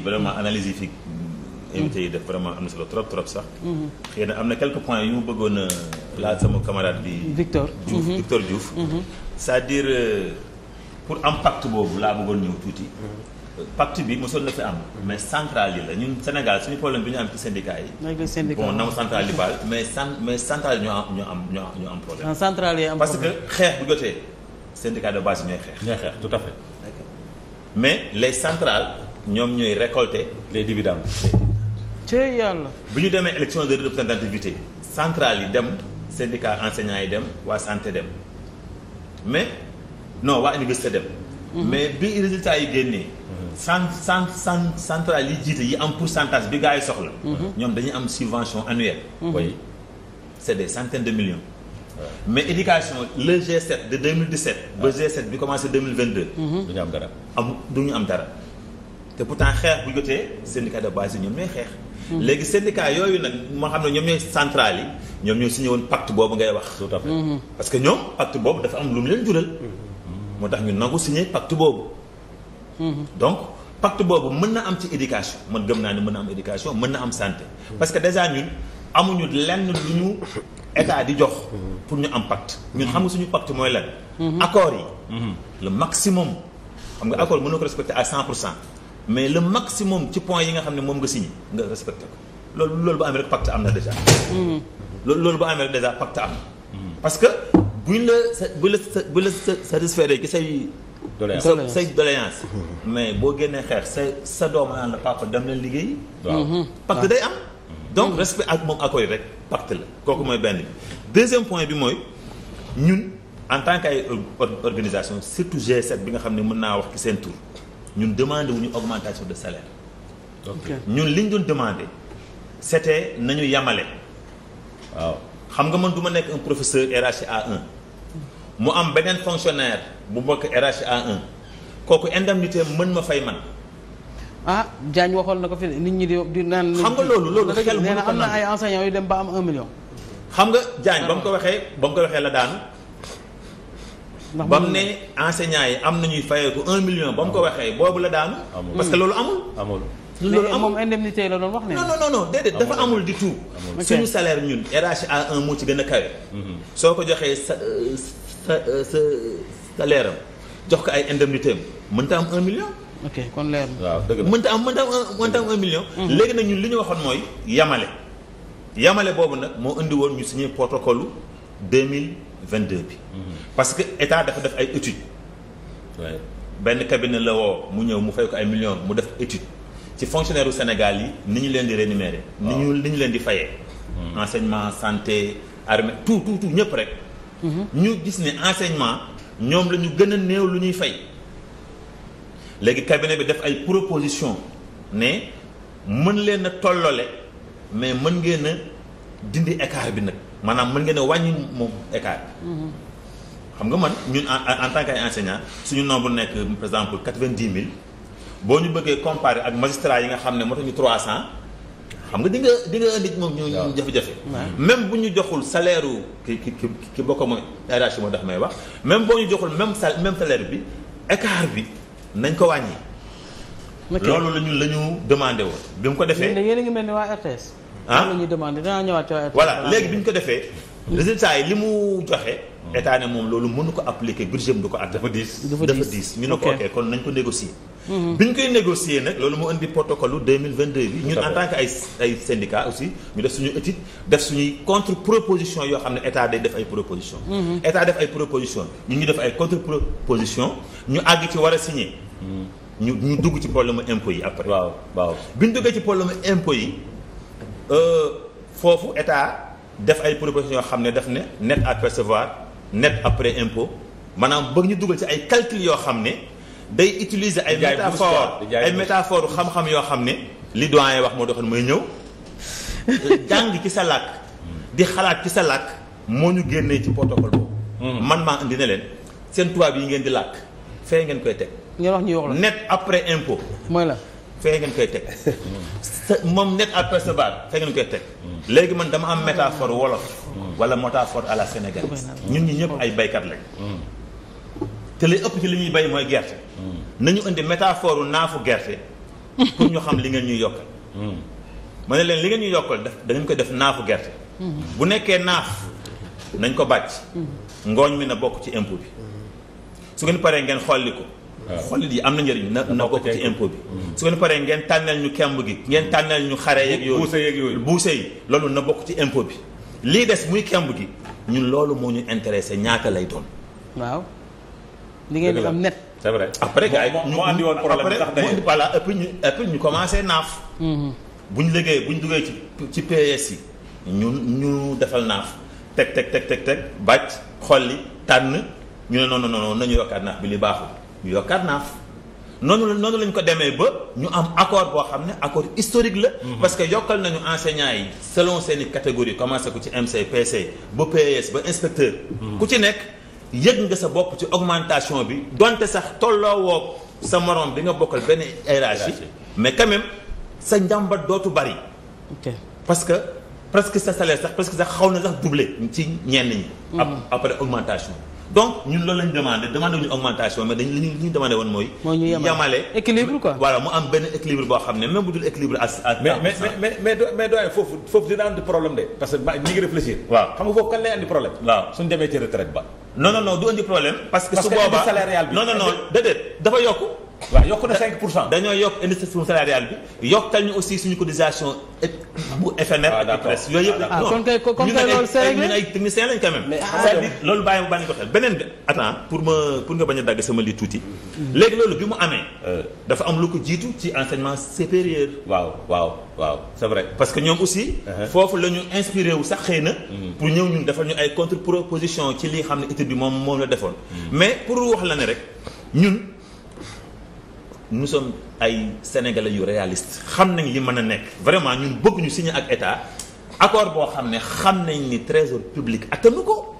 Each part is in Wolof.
vraiment analyse yi fi invité yi def vraiment am na solo trop trop sax. xëy na am na quelques points yu mu bëggoon a laal sama camarade bi. Victor Diouf mhm. Victor Diouf. Mhm. cest dire euh, pour am pacte boobu laa bëggoon ñëw tuuti. Mhm. pacte bi mosoon na fi am. mais central yi la ñun Sénégal suñu problème bi ñu am ci syndicat yi. bon non central yi baal mais cent mais central yi ñoo am ñoo am ñoo am problème. central yi am parce que xeex bu jotee syndicat de base yi ñooy xeex. xeex tout à fait. mais les ñoom ñooy récolter les dividendes. te yàlla. bu ñu demee élection de représentativité centrale yi dem syndicat enseignants yi dem waa santé dem mais non waa université dem. Mhm. mais bi résultat yi génnee. Mhm. cent cent cent centrale yi jiite yi am pourcentage bi gars yi soxla. Mhm. ñoom dañu am subvention annuelle. oui c' est des de millions. mais éducation le G7 de 2017. ba G7 bi commencé 2022. du ñu am dara am du ñu am dara. te pourtant xeex bu jotee syndicat de base yi ñoom ñooy xeex. léegi syndicat yooyu nag moo xam ne ñoom ñooy centrale yi ñoom ñoo signé woon pacte boobu ngay wax. tout à mm-hmm. parce que ñoom pacte boobu dafa am lu mu leen jural. Mm-hmm. moo tax ñu nangu signé pacte boobu. Mm-hmm. donc pacte boobu mën na am ci éducation man gëm naa ne mën na am éducation mën na am santé. parce que déjà ñun amuñu lenn lu ñu état di jox. pour ñu am pacte. ñun xam suñu pacte mooy lan. accords yi. le maximum. xam nga accord mën na ko respecter à 100 pour cent. mais le maximum ci point yi nga xam ne moom nga signé nga respecté ko loolu loolu ba amee rek pacte am na déjà. Hmm. loolu loolu ba amee rek déjà pacte am na. parce que buñ la sa bu la sa bu la sa satisfaire ci say. doléance say doléance mais boo génnee xeer sa sa doom naan la papa dem leen liggéeyi. waaw hmm, hmm. pacte day am. donc respect ak moom accord rek pacte la kooku mooy benn bi. deuxième point bi mooy ñun en tant que ay organisation surtout G7 bi nga xam ne mën naa wax ci seen ñun demandé wuñu augmentation de salaire. ñun li ñu doon demandé c'était nañu yamale. waaw xam nga mën du ma nekk un professeur RH a mu am beneen fonctionnaire bu bokk RH A1 kooku indemnité mën ma fay man. ah Diagne waxool na ko fi nit ñi di di naan. xam nga loolu loolu xel mënu ko am na ay enseignants yu dem ba am 1 million. xam nga Diagne ba mu ko waxee ba mu ko waxee la daanu. ba mu ne enseignants yi am nañuy fayeeku un million ba mu ko waxee boobu la daanu. parce que loolu amul. amul loolu amul moom indemnité la doon wax ne. non non non déedéet dafa amul du tout. suñu salaire ñun RH1 moo ci gën a kawe. Mhm. soo ko joxee sa sa sa salaire am jox ko ay indemnité am mënta am un million. ok kon leer na waaw dëgg la mënta am mënta am mënta am un million. Mhm. léegi nag ñun li ñu waxoon mooy yamale. yamale boobu nag moo indi woon ñu signé protocole 2000. 22 bi. Mhm. parce que état dafa def ay études. benn cabinet la woo mu ñëw mu fay ko ay millions mu def étude ci fonctionnaire Sénégal yi ni ñu leen di rémunéré. ni ñu ni ñu leen di fayee. Mhm. enseignement santé armée tout tout ñëpp rek. Mhm. ñu gis ni enseignement ñoom la ñu gën a néew lu ñuy fay. léegi cabinet bi def ay proposition ne mën leen a tollole mais mën ngeen a dindi écart bi nag. maanaam mën ngeen a wàññi moom écart mhm. xam nga man ñun en tant que enseignant suñu nombre nekk par exemple quatre-vingt-dix mille boo ñu bëggee comparer ak magistrat yi nga xam ne moo tax ñu trois cent xam nga di nga di nga indi moom ñu ñu jafe-jafe même bu ñu joxul salaire u ki ki ki ki bokk mooy RH moo def may wax même boo ñu joxul même sa même salaire bi écart bi nañ ko wàññi loolu la ñu la ñu demandé woon bi mu ko defee yéen a ngi mel ni ah am na ñuy demandé dinaa ñëwaat ci léegi bi ñu ko defee. résultat yi li mu joxe. état ne moom loolu mënu ko appliquer budget du ko at. dafa diis dafa diis ñu ne ko ok kon nañ ko négocier. Mhm. bi ñu koy négocier nag loolu moo indi protocole lu 2022 bi. ñun en tant que ay ay ñu def suñu étude def suñu contre proposition yoo xam ne état day def ay proposition mhm. état def ay proposition ñu ngi def ay contre proposition ñu àgg ci war a signer. Mhm. ñu ñu dugg ci problème mu impôt yi après. waaw waaw bi ñu duggee ci problème mu yi. Euh, foofu état def ay propositions yoo xam ne daf ne net à percevoir net après impôt maanaam ba ñu dugal ci ay calcul yoo xam ne day utiliser ay métaphore ay métaphore xam-xam yoo xam ne li doyen wax moo doxoon mooy ñëw jàng ci sa làkk di xalaat ci sa làkk moo ñu génnee ci protocole boobu hmm. man maa indi ne leen seen tubaab yi ngeen di làkk fee ngeen koy teg. ngeen wax ñuy wax la net après impôt fee ngeen koy teg moom nekk à percevoir fee ngeen koy teg léegi man dama am métaphore wolof wala métaphore à la sénégalaise ñun ñi ñëpp ay baykat lañ te li ëpp ci li ñuy bay mooy gerte nañu indi métaphore naafu gerte pour ñu xam li ngeen ñuy yokkal ma ne leen li ngeen ñuy yokkal daf dangeen ko def naafu gerte bu nekkee naaf nañ ko bàcc ngooñ mi na bokk ci impôt bi su ngeen paree ngeen xolli ko xollit yi am na njëriñ na na bokk ci impôt bi su ngeen paree ngeen tànneel ñu kemb gi ngeen tànneel ñu xare yeeg yooyu buuse yi loolu na bokk ci impôt bi lii des muy kemb gi ñun loolu moo ñu intéressé ñaata lay doon waaw li ngeen di am net c'est vrai après gars yi moo andi woon problème bi sax day voilà ëpp ñu ëpp ñu commencé naaf mm-hmm. bu ñu liggéey bu ñu duggee ci ci PS yi ñu ñu defal naaf teg teg teg teg teg bàcc xolli tànn ñu ne noonu noonu non nañu yokkaat naaf bi li baaxul ñu yokkaat noonu noonu lañ ko demee ba ñu am accord boo xam ne accord historique la. Mhm. parce que yokkal nañu enseignants yi selon seeni catégorie commencé ko ci MC PC ba PS ba inspecteur. Mhm. ku ci nekk yëg nga sa bopp ci augmentation bi donte sax tolloo woo sa morom bi nga bokkal benn hiérarchie mais quand même sa njàmbat dootu bari. parce que presque sa salaire sax presque sax xaw na sax doublé ci ñenn ñi. Mhm. après augmentation donc ñun loolu lañu demandé demandé wu ñu augmentation mais dañ li ñu demandé woon mooy. moo ñu yemale équilibre quoi. voilà mu am benn équilibre boo xam ne même bu dul équilibre à à. mais mais mais mais mais problème de parce que ba ñu ngi réfléchir. waaw xam nga foofu kan lay andi problème. waaw suñu demee ci retraite ba. non non non du andi problème. parce que su boobaa parce que salarial bi non dafa yokk. waaw yokk na pour cent. dañoo yokk indexation salariale bi yokkal ñu aussi suñu cotisation bu FNR. waaw ah, d'accord yooyu yëpp ah, ah kon kay kon kay loolu mais ah, c'est-à-dire loolu bàyyi ma bàyyi ko xel beneen bi. attends pour ma pour nga bañ a dagg sama lii tuuti. léegi loolu bi mu amee. Euh. dafa am lu ko jiitu ci enseignement supérieur. waaw waaw waaw c'est vrai. parce que ñoom aussi. Uh-huh. foofu la ñu inspiré wu sax xëy na. Mm. pour ñëw ñun defal ñu ay contre proposition ci li xam ne étude bi moom moom la defoon. Mm. mais pour wax la ne rek ñun. nous ay sénégalais yu réaliste xam nañ li mën a nekk vraiment ñun bëgg ñu signé ak état accord boo xam ne xam nañ ni trésor public attanu ko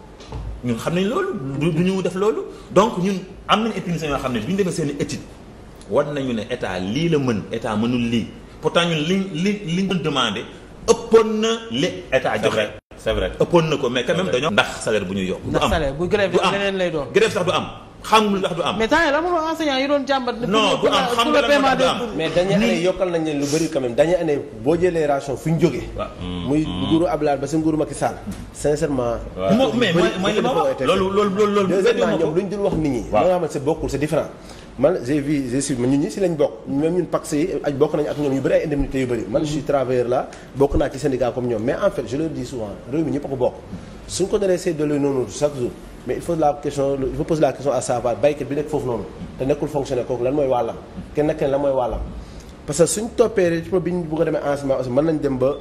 ñun xam nañ loolu du ñu def loolu donc ñun am nañ étude yoo xam ne bi ñu defee seen i étude war nañu ne état lii la mën état mënul lii pourtant ñun liñ li liñ doon demandé ëppoon na li état joxe. c'est vrai ëppoon na ko mais quand même dañoo. ndax salaire bu ñu yokk. du am ndax salaire bu grève leneen lay doon. sax du am. xamul ndax du am. mais temps yii amul enseignant yi doon xam nga lan du am mais dañuy année yokkal nañ leen lu bëri quand même dañuy année boo jëlee ration fu ñu jógee. muy nguuru Abdoulaye ba si nguuru ma wax loolu loolu loolu. deuxièmement ñoom lu ñu nga xamante ne bokkul c'est différent. man j'ai vu j'ai su ñun si lañ bokk même ñun PACS yi ak bokk nañu ak ñoom yu bëri ay indemnités yu bëri. man je suis travailleur bokk naa ci syndicat comme ñoom mais en fait je leur dis souvent réew mi ñëpp a ko bokk suñ ko daree see doole noonu mais il faut la question il faut poser la question à savoir baykat bi nekk foofu noonu te nekkul fonctionnaire kooku lan mooy wàllam kenn nag kenn lan mooy wàllam parce que suñ toppee rythme bi ñu bëgg a demee enseignement aussi mën nañ dem ba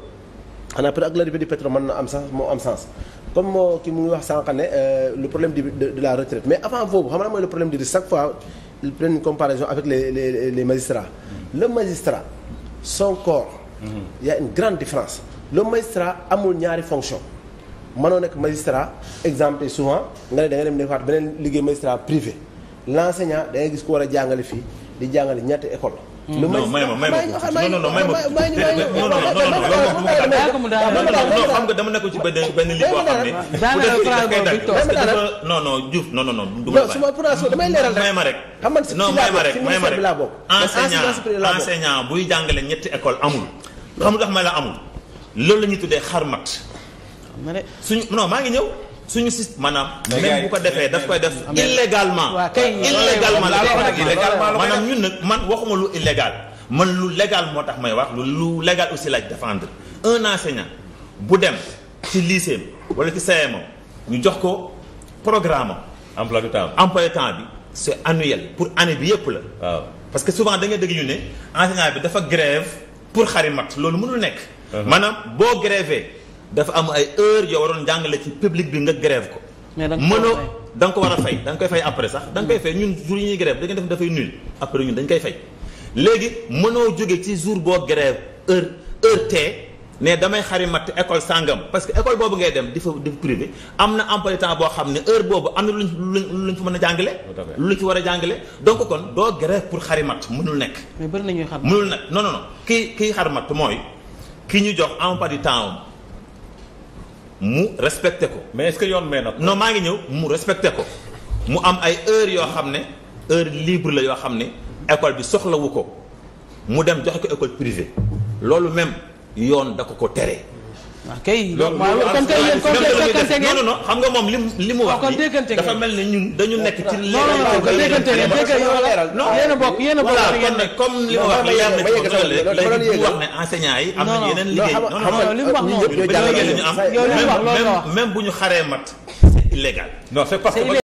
xanaa peut-être ak l'arrivée du pétrole mën na am sens moo am sens comme moo ki mu ngi wax sànq ne euh, le problème de, de, de la retraite mais avant boobu xam naa mooy le problème de chaque fois il prend comparaison les les les le magistrat son corps mm-hmm. il y a une le magistrat amul ñaari fonction mënoo nekk magistrat exemple souvent nga ne da nga dem defaat beneen liggéey magistrat privé l' enseignant da ngay gis ko war a jàngale fii di jàngale ñetti école. Hmm. lu may ma may ma non ma non non non xam nga dama ci benn benn li boo xam ne. non non ma damay leeral rek may ma rek. xam nga non may ma rek may ma rek enseignant enseignant buy jàngale ñetti école amul. xam nga tax ma la amul loolu lañuy tuddee xar xarmat na de suñu non maa ngi ñëw suñu système maanaam. même ko defee daf koy def illégalement. waaw kay illégalement la ñun nag man waxuma lu illégal man lu légal moo tax may wax lu lu légal aussi laaj défendre un enseignant bu dem ci lycéem wala ci CM ñu jox ko programme am. emploi du temps emploi du temps bi c'est annuel pour année bi yëpp la. waaw parce que souvent da nga dégg ñu ne enseignant bi dafa grève pour mat loolu mënul nekk. Uh-huh. maanaam boo grévé. dafa am ay heure yoo waroon jàngale ci public bi nga grève ko. mënoo da nga ko war a fay da koy fay après sax da nga koy fay ñun jour yi ñuy grève da nga def dafay nul après ñun dañ koy fay léegi mënoo jóge ci jour boo grève heure heure damay xari matt école sàngam parce que école boobu ngay dem di fa di privé am na emploi temps boo xam ne heure boobu am na luñ luñ luñ fa mën a jàngale. lu luñ ci war a jàngale kon doo grève pour xari mënul nekk. mais bëri na ñuy xar mënul nekk non non non kii kii xari matt mooy ki ñu jox emploi du temps mu respecté ko. mais est que yoon may na non maa ngi ñëw mu respecté ko mu am ay heures yoo xam ne heure libre la yoo xam ne école bi soxlawu ko mu dem joxe ko école privée loolu même yoon da ko ko tere. ok ah, loolu kon kay yéen kon kay xam nga moom lim li mu wax dafa mel ni ñun dañu nekk ci non non kon déggante ngeen dégg non yéen a bokk yéen a bokk comme li ma wax yàlla na ci doole léegi mu wax ne enseignant yi am nañ yeneen liggéey non non li mu wax noonu yow loolu la bu ñu xaree mat c'est illégal non c'est parce que